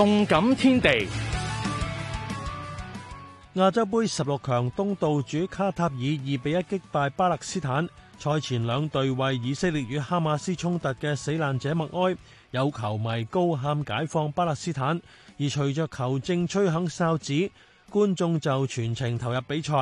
動感天地，亞洲盃十六強，東道主卡塔爾二比一擊敗巴勒斯坦。賽前兩隊為以色列與哈馬斯衝突嘅死難者默哀，有球迷高喊“解放巴勒斯坦”。而隨着球證吹響哨子，觀眾就全程投入比賽。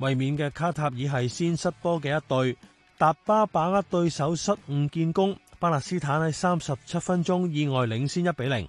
衛冕嘅卡塔爾係先失波嘅一隊，達巴把握對手失誤建功。巴勒斯坦喺三十七分鐘意外領先一比零。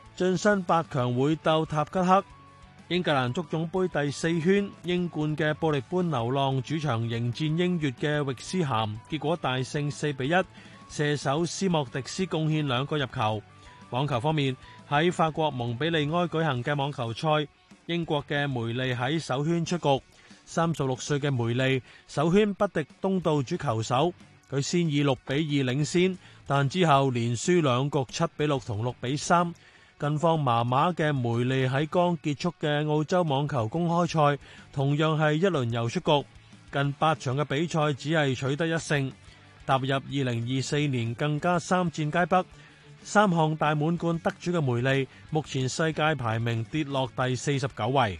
晉身八強會鬥塔吉克。英格蘭足總杯第四圈，英冠嘅布力般流浪主場迎戰英乙嘅域斯咸，結果大勝四比一，射手斯莫迪斯貢獻兩個入球。網球方面，喺法國蒙比利埃舉行嘅網球賽，英國嘅梅利喺首圈出局。三十六歲嘅梅利首圈不敵東道主球手，佢先以六比二領先，但之後連輸兩局，七比六同六比三。近況麻麻嘅梅利喺剛結束嘅澳洲網球公開賽，同樣係一輪遊出局。近八場嘅比賽只係取得一勝，踏入二零二四年更加三戰皆北。三項大滿貫得主嘅梅利，目前世界排名跌落第四十九位。